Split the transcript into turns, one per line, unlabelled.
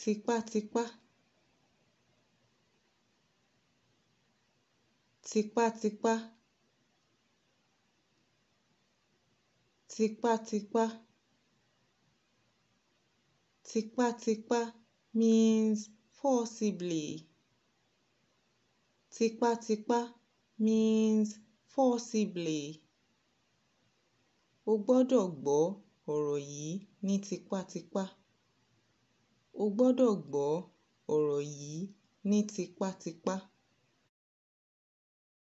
tipátipá tipátipá tipátipá tipátipá means forcibly tipátipá means forcibly o gbọ́dọ̀ gbọ́ ọ̀rọ̀ yìí ní tipátipá o gbọ́dọ̀ gbọ́ ọ̀rọ̀ yìí ní tipátipá